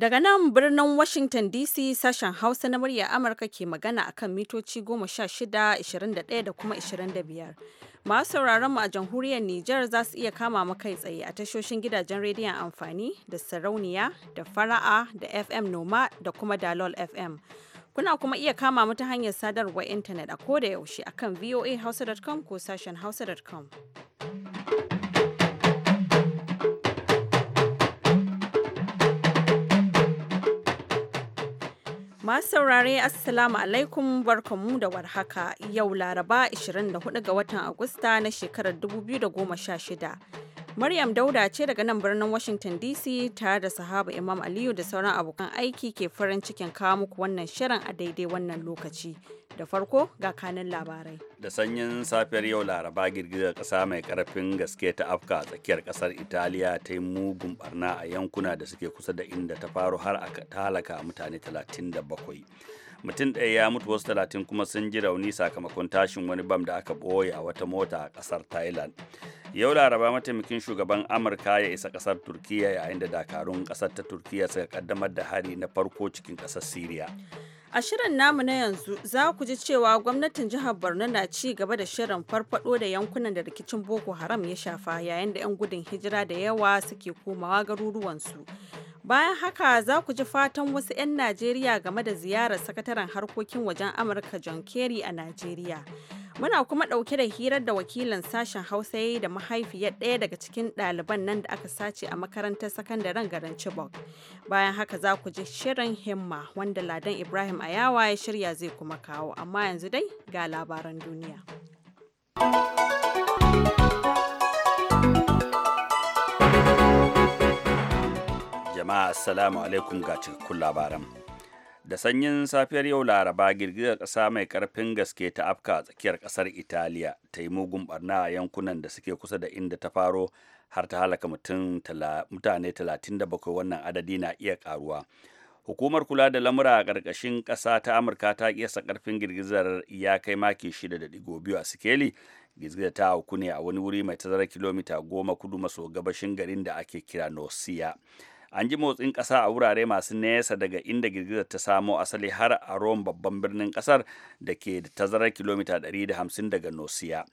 Daga nan birnin Washington DC sashen Hausa na murya Amurka ke magana akan mitoci 16, 21 da kuma 25. Masu sauraron mu a jamhuriyar Nijar za su iya kama mu kai tsaye a tashoshin gidajen rediyon amfani da sarauniya da fara'a da FM Noma da kuma Dalol FM. Kuna kuma iya kama mu ta hanyar sadarwar intanet a koda yaushe akan voahausa.com ko sashen hausa.com. Masu saurare Assalamu alaikum barkanmu da warhaka yau Laraba 24 ga watan Agusta na shekarar 2016. Maryam Dauda ce daga nan birnin Washington DC tare da sahaba Imam Aliyu da sauran abokan aiki ke farin cikin kawo muku wannan shirin a daidai wannan lokaci. da farko ga kanin labarai da sanyin safiyar yau laraba girgizar kasa mai karfin gaske ta afka a tsakiyar kasar italiya ta yi mugun barna a yankuna da suke kusa da inda ta faru har aka talaka mutane 37 mutum ɗaya ya mutu wasu talatin kuma sun ji rauni sakamakon tashin wani bam da aka ɓoye a wata mota a ƙasar thailand yau laraba mataimakin shugaban amurka ya isa kasar turkiya yayin da dakarun kasar ta turkiya suka kaddamar da hari na farko cikin kasar syria A shirin namu na yanzu za ku ji cewa gwamnatin jihar Borno na ci gaba da shirin farfado da yankunan da rikicin Boko Haram ya shafa yayin da 'yan gudun hijira da yawa suke komawa garuruwansu. Bayan haka za ku ji fatan wasu 'yan Najeriya game da ziyarar sakataren harkokin wajen Amurka John Kerry a Najeriya. Muna kuma ɗauke da hirar da wakilin sashen Hausa da mahaifiyar ɗaya daga cikin ɗaliban nan da aka sace a makarantar sakandaren garin Chibok. Bayan haka za ku ji shirin himma wanda Ladan Ibrahim Ayawa ya shirya zai kuma kawo. Amma yanzu dai ga labaran duniya. Jama'a Assalamu alaikum ga cikakkun labaran. da sanyin safiyar yau laraba girgizar ƙasa mai ƙarfin gaske ta afka a tsakiyar ƙasar italiya ta yi mugun barna a yankunan da suke kusa da inda ta faro har ta halaka mutane 37 wannan adadi na iya ƙaruwa hukumar kula da lamura a ƙarƙashin ƙasa ta amurka ta kiyasa ƙarfin girgizar ya kai maki 6.2 a sikeli girgizar ta hauku ne a wani wuri mai tazarar kilomita 10 kudu maso gabashin garin da ake kira nosiya an ji motsin ƙasa a wurare masu nesa daga inda girgizar ta samo asali har a rom babban birnin ƙasar da ke da tazarar kilomita 150 daga nosiya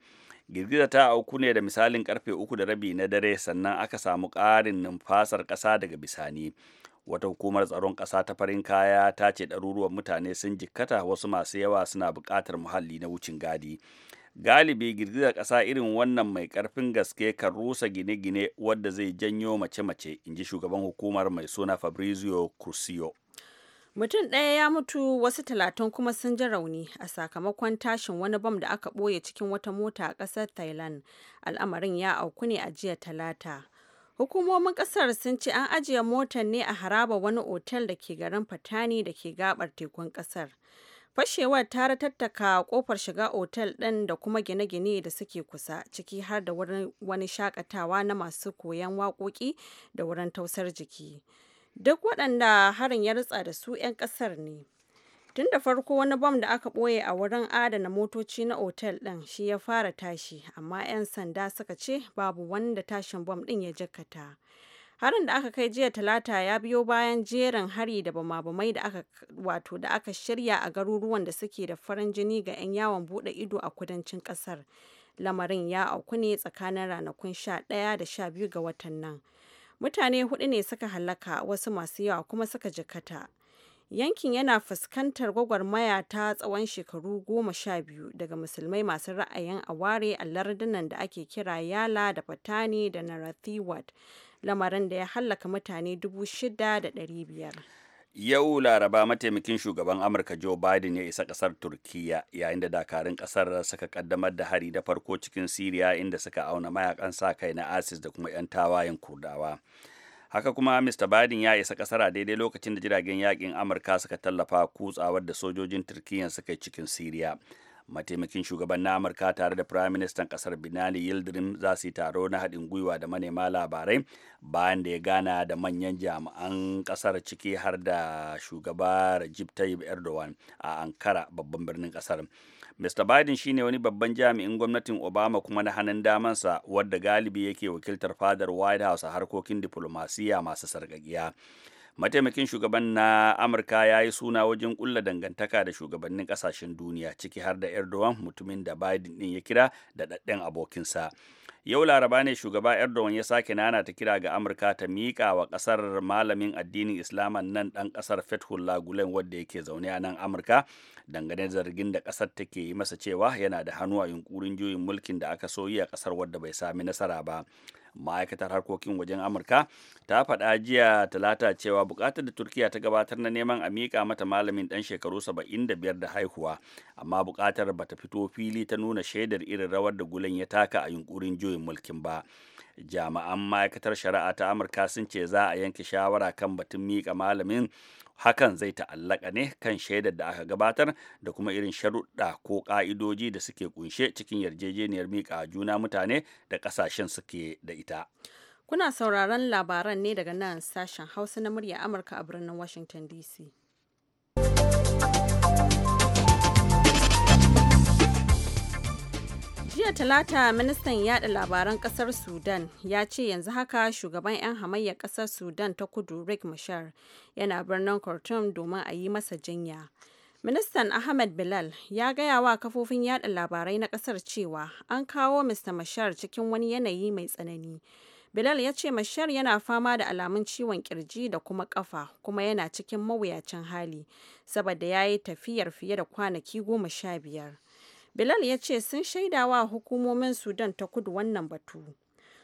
girgizar ta auku ne da misalin karfe uku da rabi na dare sannan aka samu ƙarin numfasar ƙasa daga bisani wata hukumar tsaron ƙasa ta farin kaya ta ce ɗaruruwan mutane sun jikkata wasu masu yawa suna buƙatar muhalli na wucin gadi galibi girgizar ƙasa irin wannan mai ƙarfin gaske kan rusa gine-gine wadda zai janyo mace-mace in ji shugaban hukumar mai suna fabrizio Cusio. mutum ɗaya ya mutu wasu talatin kuma sun ji rauni a sakamakon tashin wani bam da aka ɓoye cikin wata mota a ƙasar thailand al'amarin ya auku ne a jiya talata hukumomin ƙasar sun ce an ajiye motar ne a haraba wani otel da ke garin fatani da ke gabar tekun ƙasar Fashewar ta ratattaka kofar shiga otel ɗin da kuma gine-gine da suke kusa, ciki har da wani shakatawa na masu koyan waƙoƙi da wurin tausar jiki. Duk waɗanda harin ya ritsa da su 'yan ƙasar ne. Tun da farko wani bam da aka ɓoye a wurin adana motoci na otel ɗin shi ya fara tashi, amma 'yan sanda suka ce babu wanda tashin bam ɗin ya jikkata. harin da aka kai jiya talata ya biyo bayan jerin hari da bama-bamai da aka wato da aka shirya a garuruwan da suke da farin jini ga 'yan yawon bude ido a kudancin kasar lamarin ya auku ne tsakanin ranakun sha 11 da 12 ga watan nan mutane hudu ne suka halaka wasu masu yawa kuma suka jikata yankin yana fuskantar gwagwarmaya ta tsawon shekaru goma sha biyu daga musulmai masu ra'ayin aware a lardunan da ake kira yala da fatani da narathiwat lamarin da ya hallaka mutane 6,500. Yau Laraba mataimakin shugaban Amurka Joe Biden ya isa kasar Turkiyya yayin da dakarun ƙasar suka kaddamar da hari da farko cikin Siriya inda suka auna mayakan sa kai na ISIS da kuma 'yan tawayen Kurdawa. haka kuma mr biden ya isa kasar a daidai lokacin da jiragen yakin amurka suka tallafa kutsawar da sojojin turkiyya suka yi cikin siriya mataimakin shugaban na amurka tare da prime minister kasar binali yildirim za su yi taro na haɗin gwiwa da manema labarai bayan da ya gana da manyan jami'an kasar ciki har da shugaba rajib tayyip erdogan a ankara babban birnin kasar Mr. Biden shine wani babban jami'in gwamnatin Obama kuma na hannun damansa wadda galibi yake wakiltar fadar White House a harkokin diplomasiya masu sarƙaƙiya. mataimakin shugaban na amurka ya yi suna wajen kulla dangantaka da shugabannin kasashen duniya ciki har da erdogan mutumin da biden din ya kira da daɗin abokinsa yau laraba ne shugaba erdogan ya sake nana ta kira ga amurka ta miƙa wa ƙasar malamin addinin islama nan ɗan ƙasar fethullah gulen wadda yake zaune a nan amurka dangane zargin da ƙasar take yi masa cewa yana da hannu a yunkurin juyin mulkin da aka soyi a ƙasar wadda bai sami nasara ba ma'aikatar harkokin wajen amurka ta faɗa jiya talata cewa buƙatar da turkiya ta gabatar na neman a miƙa mata malamin ɗan shekaru 75 da haihuwa amma buƙatar bata fito fili ta nuna shaidar irin rawar da gulen ya taka a yunkurin juyin mulkin ba jami'an ma'aikatar shari'a ta amurka sun ce za a yanke shawara kan batun miƙa malamin hakan zai ta'allaka ne kan shaidar da aka gabatar da kuma irin sharuɗa ko ƙa'idoji da suke kunshe cikin yarjejeniyar miƙa juna mutane da ƙasashen suke da ita. Kuna sauraron labaran ne daga nan sashen Hausa na murya Amurka a birnin Washington DC. jiya talata ministan yada labaran kasar sudan ya ce yanzu haka shugaban 'yan hamayya kasar sudan ta kudu rick mashar yana birnin khartoum domin a yi masa jinya ministan ahmed bilal ya gaya wa kafofin yada labarai na kasar cewa an kawo mr mashar cikin wani yanayi mai tsanani bilal ya ce mashar yana fama da alamun ciwon kirji da kuma kafa kuma yana cikin mawuyacin hali saboda ya yi tafiyar fiye da kwanaki goma sha biyar Bilal ya ce sun shaidawa hukumomin Sudan ta kudu wannan batu.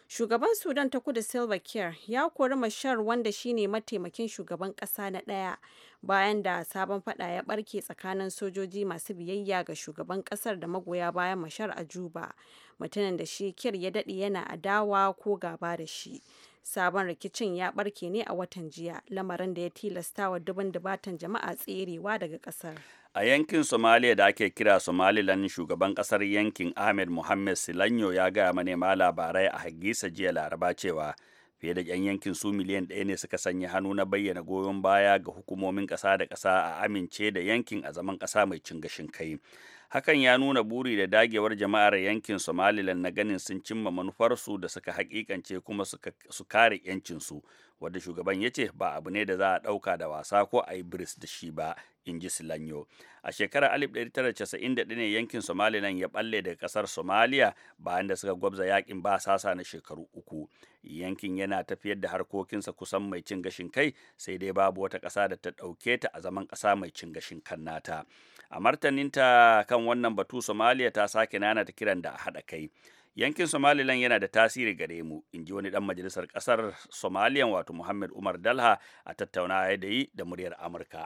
Shugaban Sudan ta kudu Silva care ya kori Mashar wanda shine mataimakin shugaban kasa na daya bayan da sabon fada ya barke tsakanin sojoji masu biyayya ga shugaban kasar da magoya bayan Mashar a Juba, mutumin da shi Kiir ya dade yana adawa ko gaba da shi. Sabon rikicin ya barke ne a watan jiya, lamarin da ya tilastawa dubin dubatan jama'a tserewa daga kasar. a yankin somaliya da ake kira somaliland shugaban kasar yankin ahmed mohammed silanyo ya gaya manema labarai a hagisa jiya laraba cewa fiye da yan yankin su miliyan ɗaya ne suka sanya hannu na bayyana goyon baya ga hukumomin ƙasa da ƙasa a amince da yankin a zaman ƙasa mai cin gashin kai hakan ya nuna buri da dagewar jama'ar yankin somaliland na ganin sun cimma manufarsu da suka hakikance kuma su kare yancinsu wadda shugaban ya ce ba abu ne da za a ɗauka da wasa ko a yi biris da shi ba in ji Silanyo. A shekarar 1991 ne yankin Somaliland ya balle daga kasar Somalia bayan da suka gwabza yakin ba sasa na shekaru uku. Yankin yana tafiyar da harkokinsa kusan mai cin gashin kai sai dai babu wata ƙasa da ta ɗauke ta a zaman ƙasa mai cin gashin kan nata. A martaninta kan wannan batu Somalia ta sake nana ta kiran da a haɗa kai. yankin somaliland yana da tasiri gare mu in ji wani dan majalisar kasar somaliyan wato muhammad umar dalha a tattaunawa da yi da muryar amurka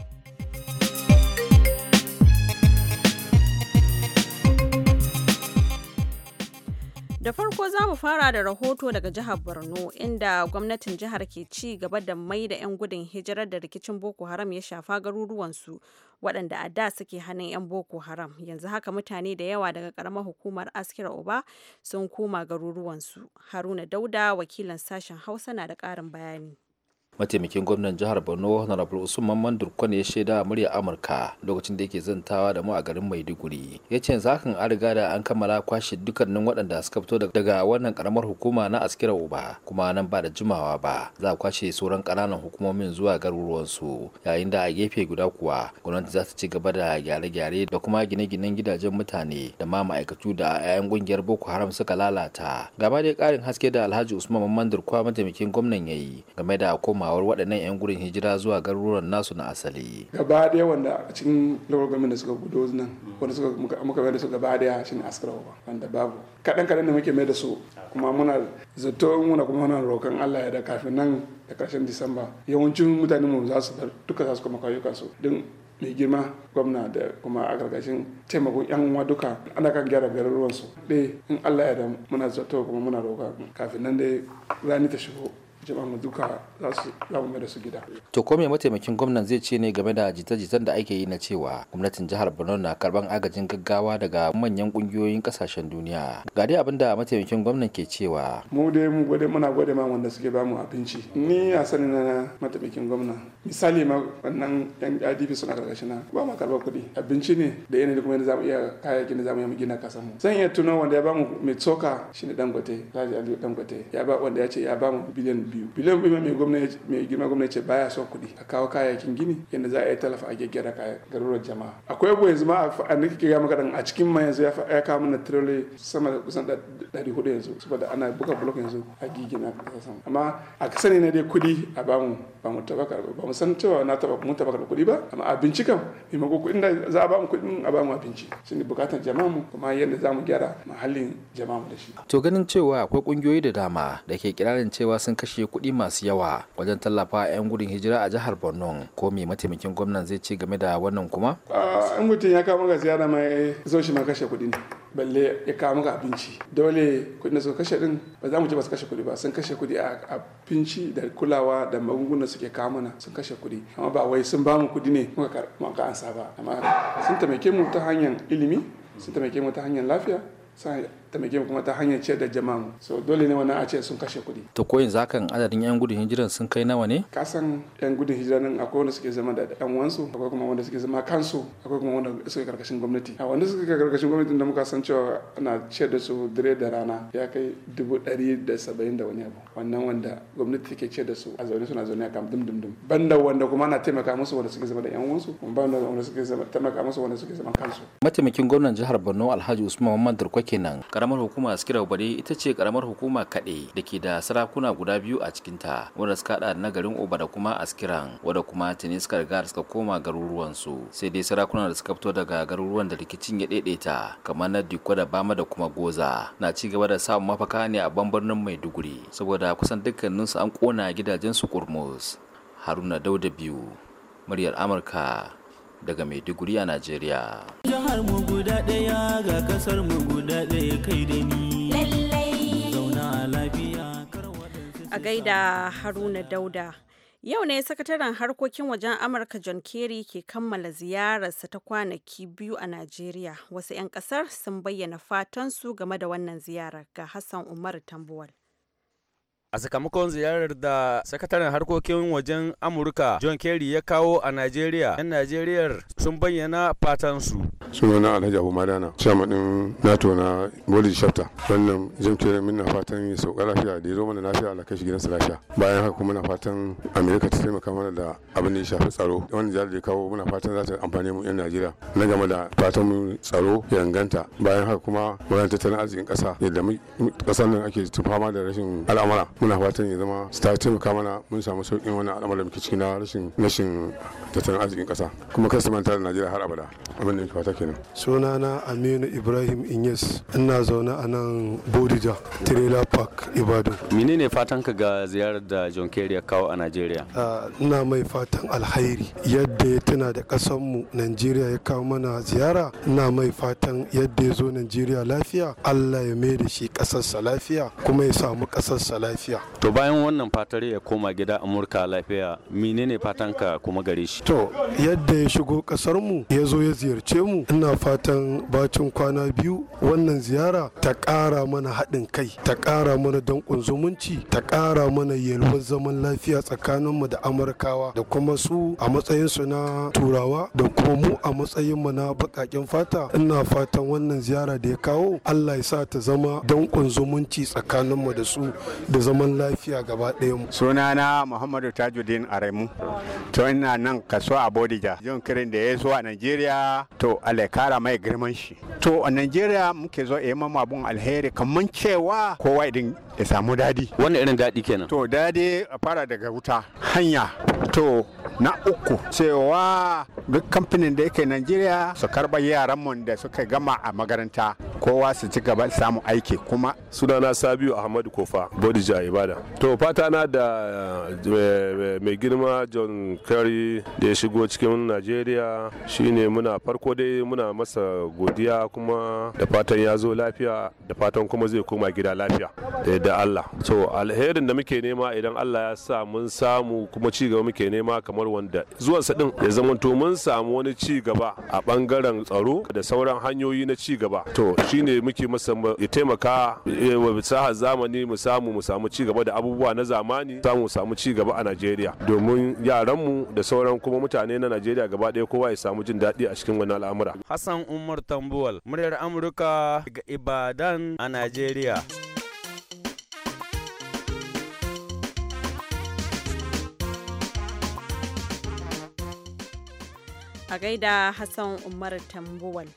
Da farko za mu fara da rahoto daga jihar Borno inda gwamnatin jihar ke ci gaba da mai da 'yan gudun hijirar da rikicin Boko Haram ya shafa garuruwansu waɗanda a da suke hannun 'yan Boko Haram. Yanzu haka mutane da yawa daga ƙaramar hukumar Askira Oba sun koma garuruwansu. Haruna Dauda wakilan sashen Hausa na da ƙarin bayani. mataimakin gwamnan jihar borno honorable usman mandur ne ya shaida a murya amurka lokacin da yake zantawa da mu a garin maiduguri ya ce yanzu hakan an riga da an kammala kwashe dukkanin waɗanda suka fito daga wannan karamar hukuma na askira uba kuma nan ba da jimawa ba za a kwashe sauran ƙananan hukumomin zuwa garuruwansu yayin da a gefe guda kuwa gwamnati za ta ci gaba da gyare-gyare da kuma gine-ginen gidajen mutane da ma ma'aikatu da 'ya'yan ƙungiyar boko haram suka lalata gaba dai ƙarin haske da alhaji usman kwa mataimakin gwamnan ya yi game da koma komawar waɗannan 'yan gurin hijira zuwa garuruwan nasu na asali gaba ɗaya wanda a cikin lokacin da suka gudo nan wanda suka muka mai da su gaba ɗaya shine askarawa wanda babu kaɗan kaɗan da muke mai da su kuma muna zato muna kuma muna roƙon Allah ya da kafin nan da ƙarshen Disamba yawancin mutane mu za su duka za su kuma kayuka su don mai girma gwamna da kuma a gargashin taimakon yan uwa duka ana kan gyara su. ɗaya in allah ya da muna zato kuma muna roƙa kafin nan dai rani ta shigo jama'a mu duka za su zamu da su gida. To ko me mataimakin gwamnan zai ce ne game da jita-jitan da ake yi na cewa gwamnatin jihar Borno na karban agajin gaggawa daga manyan kungiyoyin kasashen duniya. Ga dai abinda da mataimakin gwamnan ke cewa. Mu dai mu gode muna gode ma wanda suke bamu abinci. Ni a sani na mataimakin gwamna. Misali ma wannan yan IDP suna karkashin na ba ma karba kuɗi. Abinci ne da da kuma yadda mu iya kayayyakin da mu iya gina kasa mu. Zan iya tuno wanda ya bamu mai tsoka shine Dangote, Alhaji Aliyu Ya ba wanda ya ce ya bamu biliyan biyu biliyan goma mai gwamnati mai girma gwamnati ce baya son kuɗi a kawo kayayyakin gini yadda za a yi talafa a gyaggyara garuruwar jama'a akwai abu yanzu ma a nake kira maka dan a cikin ma yanzu ya kawo mana tirole sama da kusan ɗari hudu yanzu saboda ana buga blok yanzu a gigina amma a kasane na dai kuɗi a bamu ba mu taba karɓa ba mu san cewa na taba mun taba karɓa kuɗi ba amma abinci kam maimako kuɗin da za a ba mu kuɗi a ba mu abinci shine bukatar jama'a mu kuma yadda za mu gyara mahallin jama'a mu da shi to ganin cewa akwai kungiyoyi da dama da ke kirarin cewa sun kashe kuɗi masu yawa wajen tallafa 'yan gudun hijira a jihar Borno ko me mataimakin gwamnan zai ce game da wannan kuma a in mutum ya kama ga ziyara mai eh, zo shi ma kashe kuɗi ne balle ya kawo maka abinci dole kuɗin da suka kashe din ba za mu je ba su kashe kuɗi ba sun kashe kuɗi a abinci da kulawa da magungunan suke kawo mana sun kashe kuɗi amma ba wai sun ba mu kuɗi ne muka ansa ba amma sun taimake mu ta hanyar ilimi sun taimake mu ta hanyar lafiya ta mai kuma ta hanyar ciyar da jama'a so dole ne wani a ce sun kashe kuɗi to ko yanzu kan adadin yan gudun hijiran sun kai nawa ne ka san yan gudun hijiran akwai wanda suke zama da yan wansu akwai kuma wanda suke zama kansu akwai kuma wanda suke karkashin gwamnati a wanda suke karkashin gwamnati da muka san cewa ana ciyar da su dire da rana ya kai dubu ɗari da saba'in da wani abu wannan wanda gwamnati take ciyar da su a zaune suna zaune a kam dum dum dum banda wanda kuma ana taimaka musu wanda suke zama da yan wansu kuma banda wanda suke zama taimaka musu wanda suke zama kansu mataimakin gwamnan jihar Borno Alhaji Usman Mamman Durkwa kenan karamar hukumar askira obade ita ce karamar hukuma kaɗe da ke da sarakuna guda biyu a cikinta wanda suka haɗa na garin oba da kuma askiran wanda kuma tuni suka riga suka koma garuruwansu sai dai sarakunan da suka fito daga garuruwan da rikicin ya daidaita kamar na diko da bama da kuma goza na ci gaba da samun mafaka ne a bambarnin maiduguri saboda kusan dukkaninsu an kona su kurmus haruna dauda biyu muryar amurka daga maiduguri a najeriya mu guda ɗaya ga kasar mu guda ɗaya kai da ni zauna lafiya a gaida haruna dauda Yau ne sakataren harkokin wajen Amurka John Kerry ke kammala ziyararsa ta kwanaki biyu a Najeriya. Wasu 'yan kasar sun bayyana fatan su game da wannan ziyarar ga Hassan Umar Tambuwal. a sakamakon ziyarar da sakataren harkokin wajen amurka john kerry ya kawo a najeriya yan najeriya sun bayyana fatansu sunana alhaji abu madana shamanin nato na boli shafta wannan jim kerry muna fatan ya sauka lafiya da ya zo mana lafiya ala kashi gidansa lafiya bayan haka kuma na fatan amerika ta taimaka mana da abin da ya shafi tsaro wannan ziyarar da ya kawo muna fatan za ta amfani mu yan najeriya na game da fatan mu tsaro ya inganta bayan haka kuma muna tattalin arzikin kasa yadda kasar nan ake fama da rashin al'amura muna fatan ya zama su ta taimaka mana mun samu sauƙin wani al'amarin muke ciki na rashin rashin tattalin arzikin ƙasa kuma kar manta da Najeriya har abada abin da muke fata kenan sunana Aminu Ibrahim Inyes ina zaune a nan Bodija Trailer Park Ibadan menene fatan ka ga ziyarar da John Kerry ya kawo a Najeriya ah, ina mai fatan alhairi yadda ya tuna da mu Najeriya ya kawo mana ziyara ina mai fatan yadda ya zo Najeriya lafiya Allah ya mai da shi ƙasarsa lafiya kuma ya samu ƙasarsa lafiya gaskiya to bayan wannan fatar ya koma gida amurka lafiya menene fatanka kuma gare shi to yadda ya shigo kasar mu ya zo ya ziyarce mu ina fatan bacin kwana biyu wannan ziyara ta ƙara mana haɗin kai ta ƙara mana danƙon zumunci ta ƙara mana yalwar zaman lafiya tsakaninmu da amurkawa da kuma su a matsayinsu na turawa da kuma mu a matsayinmu na baƙaƙen fata ina fatan wannan ziyara da ya kawo allah ya sa ta zama danƙon zumunci tsakaninmu da su da zama zaman lafiya gaba ɗaya na muhammadu tajudin aremu to ina nan kaso a bodija jin kirin da ya zo a najeriya to allah kara mai girman shi to a najeriya muke zo yi eh mamu abun alheri kaman cewa kowa idan ya samu dadi wannan irin dadi kenan to dadi a fara daga wuta hanya to na uku cewa duk kamfanin da yake najeriya su karba yaran mu da suka gama a makaranta kowa su ci gaba samu aiki kuma sunana sabiu ahmadu kofa bodija ibada to fata na da eh, eh, mai girma john kerry da ya shigo cikin najeriya shine muna farko dai muna masa godiya kuma da fatan ya zo lafiya da fatan kuma zai koma gida lafiya da yadda allah to alherin da muke nema idan allah ya sa mun samu kuma ci gaba muke nema kamar wanda zuwansa din ya zama to mun samu wani ci gaba a bangaren tsaro da sauran hanyoyi na ci gaba to shine muke masa ya taimaka eh, wa fasahar zamani mu samu mu samu ci gaba da abubuwa na zamani samu samu ci gaba a Najeriya domin yaranmu da sauran kuma mutane na Najeriya gaba ɗaya kowa ya samu jin daɗi a cikin wannan al'amura Hassan Umar Tambuwal muryar Amurka daga Ibadan a Najeriya a gaida Hassan Umar Tambuwal.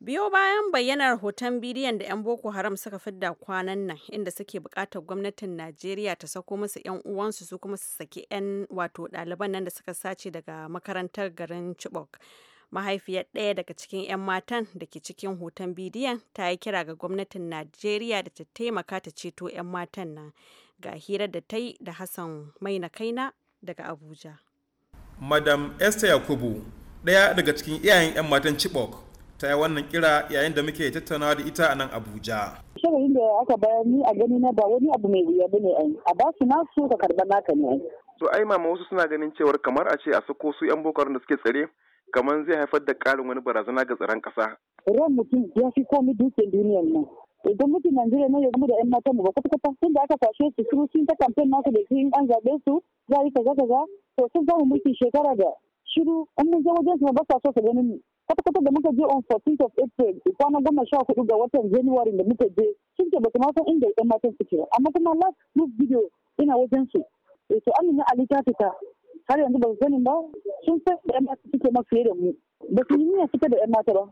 Biyo bayan bayyanar hoton bidiyon da 'yan Boko Haram suka fidda kwanan nan inda suke bukatar gwamnatin Najeriya ta sako musu 'yan uwansu su kuma su saki 'yan wato ɗaliban nan da suka sace daga makarantar garin Chibok. Mahaifiyar ɗaya daga cikin 'yan matan da ke cikin hoton bidiyon ta yi kira ga gwamnatin Najeriya da ta taimaka ta ceto 'yan matan nan. Ga hira da ta yi da Hassan Maina Kaina daga Abuja. Madam Esther Yakubu ɗaya daga cikin iyayen 'yan matan Chibok ta yi wannan kira yayin da muke tattaunawa da ita a nan Abuja. Shirin da aka bayar ni a gani na ba wani abu mai wuya bane ai a ba su su ka karɓa naka ne ai. To ai mama wasu suna ganin cewar kamar a ce a sako su 'yan boko da suke tsare kamar zai haifar da ƙarin wani barazana ga tsaron ƙasa. Ran mutum ya fi komi dukiyar duniyar nan. Idan mutum Najeriya na ya gama da 'yan matan mu ba kwata kwata tun da aka fashe su sun ta kamfen nasu da in an zaɓe su za a yi kaza kaza to sun mulki shekara da shiru in mun je wajen su ba sa so su gani mu kwata-kwata da muka je on 14 of April kwana goma sha hudu ga watan January da muka je sun ce ba su ma san inda ɗan matan suke ba amma kuma last group video ina wajen su eh, to Amina Ali ta fita har yanzu ba su sani ba sun san da ɗan matan suke ma fiye da mu ba su yi niyya fita da ɗan mata ba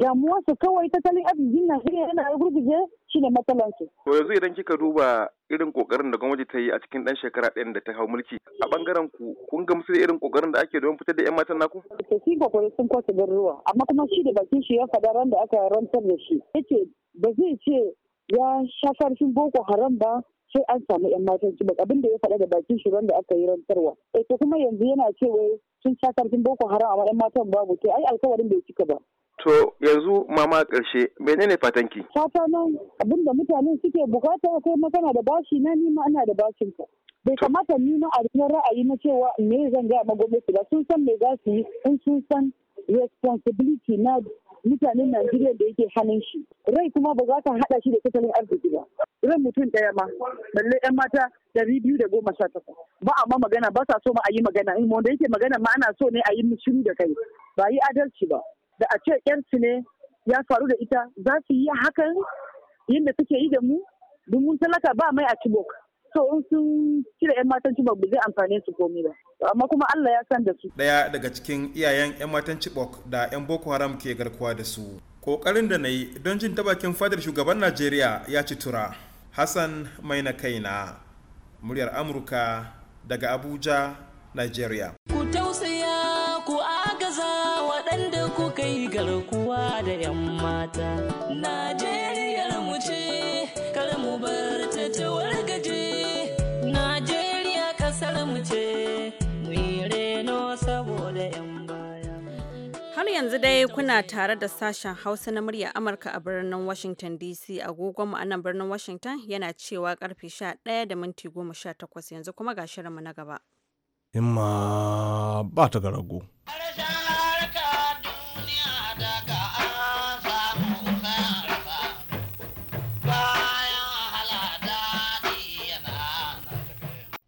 damuwarsu kawai tattalin arzikin Najeriya yana gurguje shi ne matsalansu. To yanzu idan kika duba irin kokarin da gwamnati ta yi a cikin dan shekara ɗayan da ta hau mulki a bangaren ku kun ga musu irin kokarin da ake don fitar da yan matan naku? To shi kokari sun kwasa ruwa amma kuma shi da bakin shi ya faɗa ran da aka rantar da shi yace ba zai ce ya sha farfin boko haram ba sai an samu yan matan ba abin da ya faɗa da bakin shi da aka yi rantarwa e eh, to kuma yanzu yana cewa sun sha karfin boko haram amma yan matan babu sai ai alkawarin bai cika ba To yanzu mama ƙarshe menene fatanki? Fata nan abinda mutane suke bukata kai magana da bashi na nima ana da bashin ka. bai kamata ni na ra'ayi na cewa me zan gaya ma gwamnati ba sun san me za su yi in sun san responsibility na mutanen Najeriya da yake hannun shi. Rai kuma ba za ka haɗa shi da tattalin arziki ba. Ran mutum ɗaya ma, balle ‘yan mata ɗari biyu da goma sha takwas. Ba a ma magana ba sa so ma a yi magana, in wanda yake magana ma ana so ne a yi shiru da kai. Ba yi adalci ba. da a ce yanci ne ya faru da ita za su yi hakan yadda suke yi da mu domin talaka ba mai a cibok so in sun cire 'yan matan cibok ba zai amfane su komai ba amma kuma allah ya san da su daya daga cikin iyayen 'yan matan cibok da 'yan boko haram ke garkuwa da su kokarin da na yi don jin tabakin fadar shugaban najeriya ya ci tura hassan mai na kaina muryar amurka daga abuja nigeria 'yan mata najeriyar mu ce kar mu bar ta ta wargaje najeriya kasar mu ce mu yi reno saboda 'yan Har yanzu dai kuna tare da sashen Hausa na murya Amurka a birnin Washington DC agogonmu a nan birnin Washington yana cewa karfe 11 da minti 18 yanzu kuma ga shirinmu na gaba. Imma ba ta garago.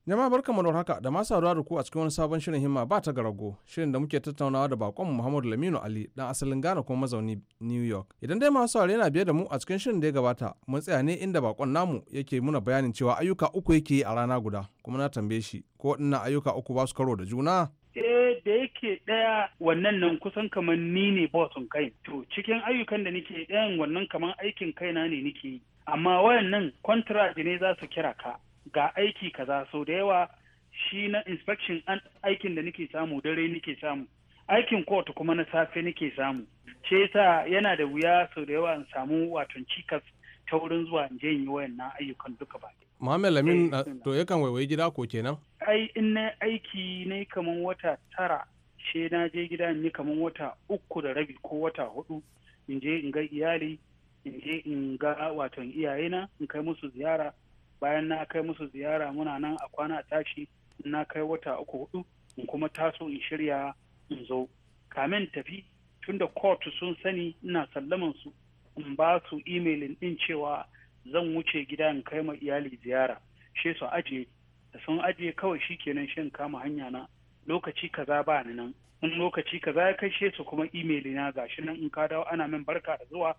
Jama'a barkamu da haka da masu saduwa da ku a cikin wani sabon shirin himma ba ta garago shirin da muke tattaunawa da bakon Muhammadu Laminu Ali dan asalin Ghana kuma mazauni New York. Idan dai masu saurare yana biye da mu a cikin shirin da ya gabata mun tsaya ne inda bakon namu yake muna bayanin cewa ayyuka uku yake yi a rana guda kuma na tambaye shi ko waɗannan ayyuka uku ba su karo da juna. Eh da yake ɗaya wannan nan kusan kamar ni ne bosun kai to cikin ayyukan da nake ɗayan wannan kamar aikin kaina ne nake yi amma wayannan contract ne za su kira ka ga aiki kaza sau da yawa shi na inspection an aikin da nake samu dare nake samu aikin court kuma na safe nake samu ce yasa yana da wuya sau da yawa in samu wato cikas ta wurin zuwa in je in yi na ayyukan duka ba Muhammad Lamin eh, to yakan waiwayi gida ko kenan ai in na aiki ne kaman wata tara she na je gida in kaman wata uku da rabi ko wata hudu in je in ga iyali in je in ga wato iyayena in kai musu ziyara bayan na kai musu ziyara muna nan a kwana tashi na kai wata uku hudu in kuma taso in shirya in zo kamin tafi tunda court sun sani ina sallaman su in ba su emailin din cewa zan wuce gida in kai ma iyali ziyara she su aje da sun aje kawai shikenan shin kama hanya na lokaci kaza ba ni nan in lokaci kaza ya kai su kuma email na gashi nan in ka dawo ana min barka da zuwa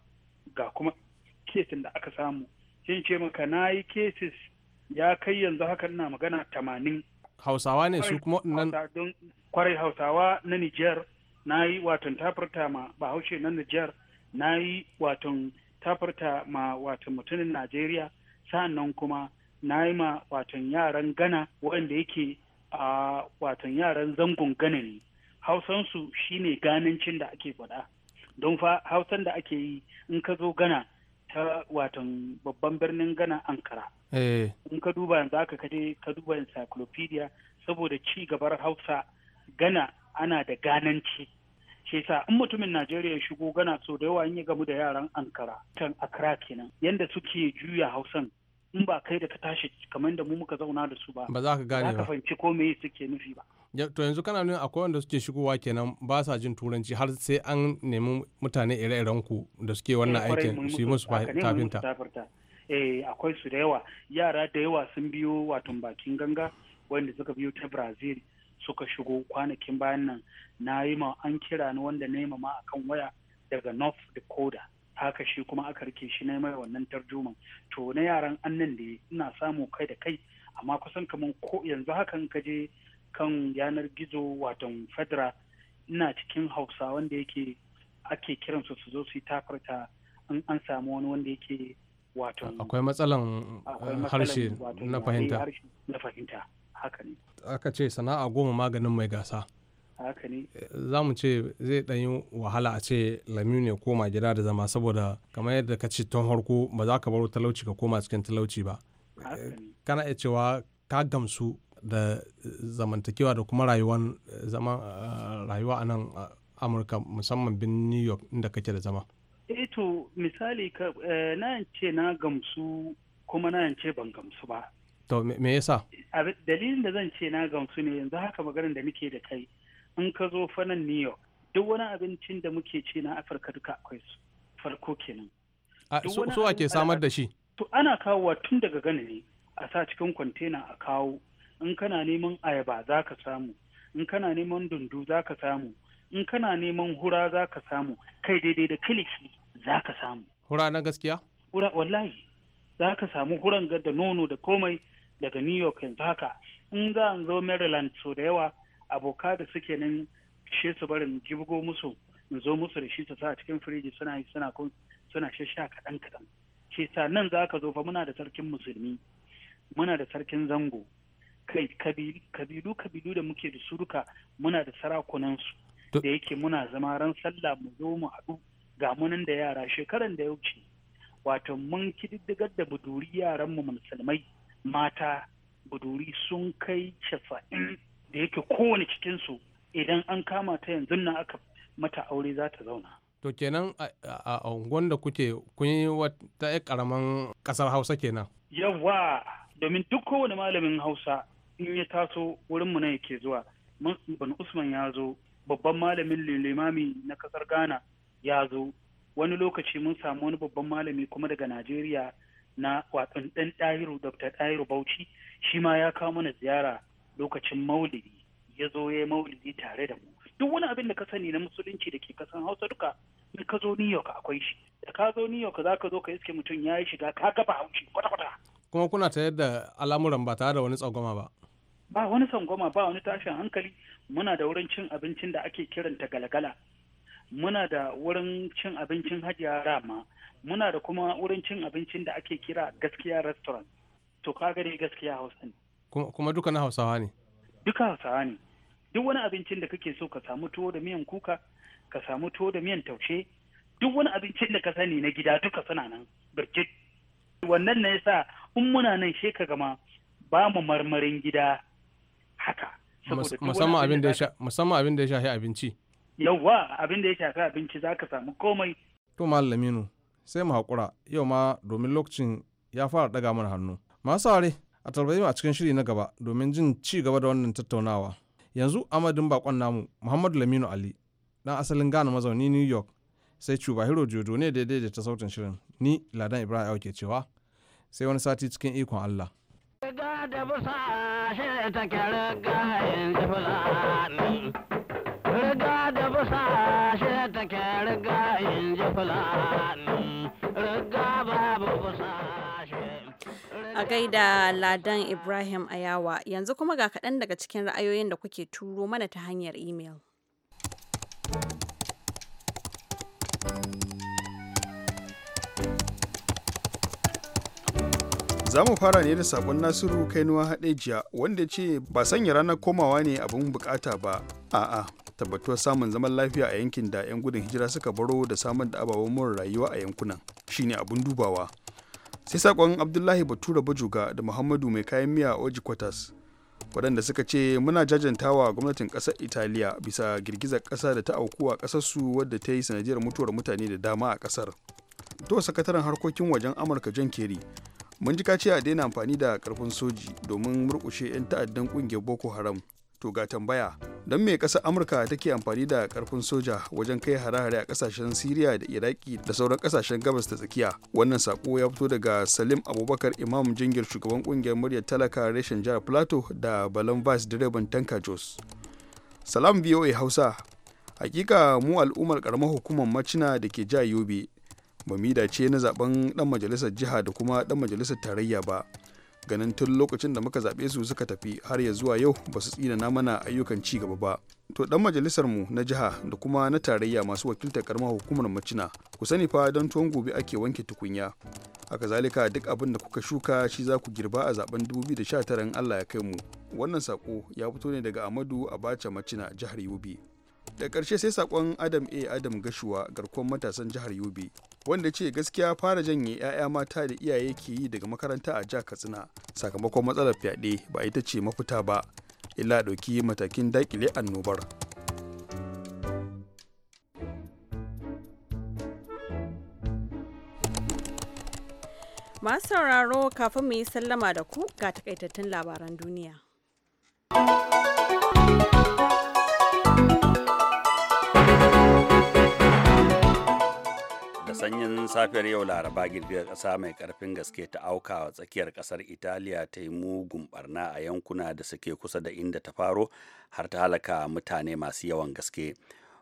ga kuma kesin da aka samu zan ce maka na yi cases ya kai yanzu haka ina magana tamanin hausawa ne su kuma nan kwarai hausawa na niger na yi watan tafarta ma bahaushe na niger na yi watan tafarta ma watan mutumin najeriya Sannan kuma na yi ma watan yaran gana wanda yake a watan yaran zangon gana ne hausansu shine ganancin da ake faɗa don fa hausan da ake yi in ka zo gana ta watan babban birnin gana Ankara. Eh. In ka duba yanzu aka kaje ka duba encyclopedia saboda ci gabar Hausa gana ana da gananci. Shi yasa in mutumin Najeriya ya shigo gana so da yawa in ya gamu da yaran Ankara can Accra kenan yanda suke juya Hausan in ba kai da ka tashi kamar da mu muka zauna da su ba. Ba za ka gane ba. Za ka fahimci ko me suke nufi ba. to yanzu kana nuna akwai wanda suke shigowa kenan ba sa jin turanci har sai an nemi mutane ire-iren ku da suke eh, wannan aikin su yi musu tafinta eh akwai su da yawa yara da yawa sun biyo watan bakin ganga wanda suka biyo ta brazil suka shigo kwanakin bayan nan na yi ma an kira ni wanda na yi ma akan waya daga north dakota haka shi kuma aka rike shi na mai wannan tarjuman to na yaran annan da ina samu kai da kai amma kusan kamar ko yanzu hakan ka je kan yanar gizo watan fedra ina cikin hausa wanda yake ake kiran su zo su yi tafarta in an samu wani wanda yake wato akwai matsalan eh, harshe na fahimta aka ce sana'a goma maganin mai gasa haka za mu ce zai ɗanyi wahala a ce lamiu ne koma gida da zama saboda kamar yadda ka ce tun harko ba za ka baro talauci ka koma cikin talauci ba kana iya cewa ka gamsu da zamantakewa da kuma rayuwan eh, zama eh, rayuwa a nan eh, amurka musamman bin new york inda kake da zama eh to misali ka na ce na gamsu kuma na ce ban gamsu ba to me yasa dalilin da zan ce na gamsu ne yanzu haka maganar da muke da kai in ka zo fanan new york duk wani abincin da muke ce na afirka duka akwai su farko kenan su ake samar da shi to ana kawowa tun daga gane ne a sa cikin kwantena a kawo in kana neman ayaba za ka samu in kana neman dundu za ka samu in kana neman hura za ka samu kai daidai da kilishi za ka samu hura na gaskiya hura wallahi za ka samu huran da nono da komai daga new york yanzu haka in za a zo maryland so da yawa aboka da suke nan she su barin jibgo musu in zo musu da shi su sa a cikin firiji suna yi suna kun suna shasha kaɗan kaɗan sa nan za ka zo fa muna da sarkin musulmi muna da sarkin zango kai kabilu kabilu da muke da suruka muna da sarakunansu da yake muna zama ran sallah mu zo mu haɗu ga munan da yara shekaran da ya wuce wato mun kididdigar da buduri yaran mu musulmai mata buduri sun kai casa'in da yake kowane cikinsu idan an kama ta yanzu nan aka mata aure za ta zauna to kenan a unguwan da kuke kun yi wata ƙaramin ƙasar hausa kenan yawa domin duk kowane malamin hausa in ya taso wurinmu na yake zuwa ban usman ya zo babban malamin limami na kasar ghana ya zo wani lokaci mun samu wani babban malami kuma daga najeriya na watsan dan ɗahiru dr dahiru bauchi shi ma ya kawo mana ziyara lokacin maulidi ya zo ya maulidi tare da mu duk wani abin da ka sani na musulunci da ke kasan hausa duka in ka zo new york akwai shi da ka zo new york za ka zo ka iske mutum ya yi shiga ka gaba haushi kwata-kwata kuma kuna ta yadda al'amuran ba tare da wani tsangwama ba ba wani sangoma ba wani tashin hankali muna da wurin cin abincin da ake kiranta galgala muna da wurin cin abincin hajiya rama muna da kuma wurin cin abincin da ake kira gaskiya restaurant to ka gare gaskiya hausa ne kuma duka na hausawa ne duka hausawa ne duk wani abincin da kake so ka samu tuwo da miyan kuka ka samu tuwo da miyan taushe duk wani abincin da ka sani na gida duka suna nan birjit wannan ne yasa in muna nan sheka gama ba mu marmarin gida haka musamman abin da ya musamman abin da ya shafi abinci yawwa abin da ya shafi abinci za ka samu komai to mallaminu sai mu haƙura yau ma domin lokacin ya fara ɗaga mana hannu masu sare a tarbayi a cikin shiri na gaba domin jin ci gaba da wannan tattaunawa yanzu amadin bakon namu muhammadu laminu ali dan asalin ghana mazauni new york sai hiro jojo ne daidai da ta sautin shirin ni ladan ibrahim ke cewa sai wani sati cikin ikon allah da busa da A gaida Ladan Ibrahim Ayawa yanzu kuma ga kaɗan daga cikin ra'ayoyin da kuke turo mana ta hanyar imel. Za mu fara ne da sabon Nasiru Kainuwa jiya wanda ce ba sanya ranar komawa ne abin bukata ba. A'a, tabbatuwa samun zaman lafiya a yankin da 'yan gudun hijira suka baro da samar da ababen mura rayuwa a yankunan shine abin dubawa. Sai sakon Abdullahi Batura Bajuga da Muhammadu mai kayan miya Oji Kwatas waɗanda suka ce muna jajantawa gwamnatin ƙasar Italiya bisa girgizar ƙasa da ta auku a ƙasarsu wadda ta yi sanadiyar mutuwar mutane da dama a ƙasar. To sakataren harkokin wajen Amurka John Kerry mun ji kaciya a daina amfani da karfin soji domin murkushe 'yan ta'addan kungiyar boko haram to ga tambaya don me kasar amurka take amfani da karfin soja wajen kai hare-hare a kasashen siriya da iraki da sauran kasashen gabas ta tsakiya wannan sako ya fito daga salim abubakar imam jingir shugaban kungiyar muryar talaka reshen jihar plateau da balan vice direban tanka jos salam voa hausa hakika mu al'ummar karamar hukumar macina da ke jihar yobe bamida ce na zaben dan majalisar jiha da kuma dan majalisar tarayya ba ganin tun lokacin da muka zaɓe su suka tafi har ya zuwa yau ba su tsinana mana ayyukan ci gaba ba to dan majalisar mu na jiha da kuma na tarayya masu wakiltar karamar hukumar macina ku sani fa don tuwon gobe ake wanke tukunya haka zalika duk abin da kuka shuka shi za ku girba a zaben 2019 Allah ya kai mu wannan sako ya fito ne daga Amadu Abacha Macina jihar Yobe da ƙarshe sai sakon adam a adam gashuwa garkuwar matasan jihar yobe wanda ce gaskiya fara janye 'ya'ya mata da iyaye ke yi daga makaranta a jihar katsina sakamakon matsalar fyaɗe ba ita ce mafita ba illa ɗauki matakin daƙile annobar masu sauraro kafin mu yi sallama da ku ga takaitattun labaran duniya sanyin safiyar yau laraba girgizar ƙasa mai ƙarfin gaske ta auka wa tsakiyar ƙasar italiya ta yi mugun barna a yankuna da suke kusa da inda ta faro har ta halaka mutane masu yawan gaske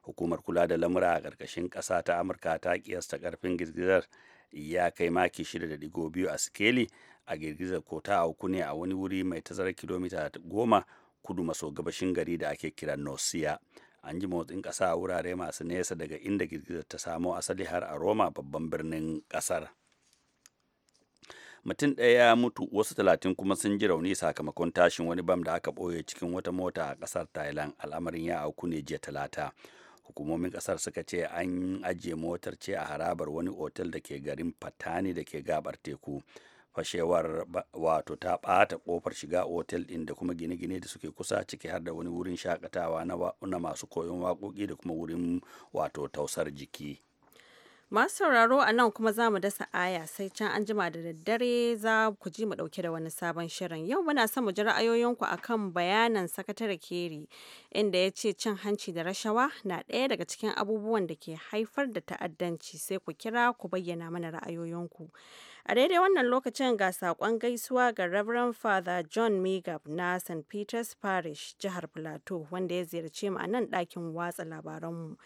hukumar kula da lamura a ƙarƙashin ƙasa ta amurka ta kiyasta karfin girgizar ya kai maki 6.2 a sikeli a girgizar ko ta auku ne a wani wuri mai tazarar kilomita 10 kudu maso gabashin gari da ake kiran nosia an ji motsin ƙasa a wurare masu nesa daga inda girgizar ta samo asali har a roma babban birnin ƙasar mutum ɗaya ya mutu wasu talatin kuma sun ji rauni sakamakon tashin wani bam da aka ɓoye cikin wata mota a ƙasar thailand al'amarin ya auku ne jiya talata hukumomin ƙasar suka ce an ajiye motar ce a harabar wani otal da ke garin patani da ke gabar teku fashewar wato ta bata kofar shiga otel din da kuma gine-gine da suke kusa ciki har da wani wurin shakatawa na masu koyon waƙoƙi da kuma wurin wato tausar jiki masu sauraro a nan kuma za mu dasa aya sai can an jima da daddare za ku ji mu dauke da wani sabon shirin yau muna son mu ji ra'ayoyinku akan bayanan sakatare keri inda ya ce cin hanci da rashawa na ɗaya daga cikin abubuwan da ke haifar da ta'addanci sai ku kira ku bayyana mana ra'ayoyinku A daidai wannan lokacin ga saƙon gaisuwa ga Reverend Father John Megap na St. Peter's Parish, Jihar Plateau, wanda ya ziyarce mu a nan ɗakin watsa labaranmu.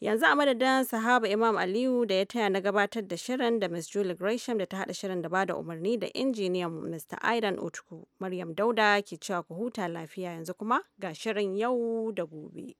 Yanzu a madadin sahaba Imam Aliyu da ya taya na gabatar da shirin da Miss Julie Gresham da ta haɗa shirin da bada umarni da injiniyan Mr. Aidan Otku. Maryam Dauda ke cewa ku huta lafiya yanzu kuma ga shirin yau da gobe.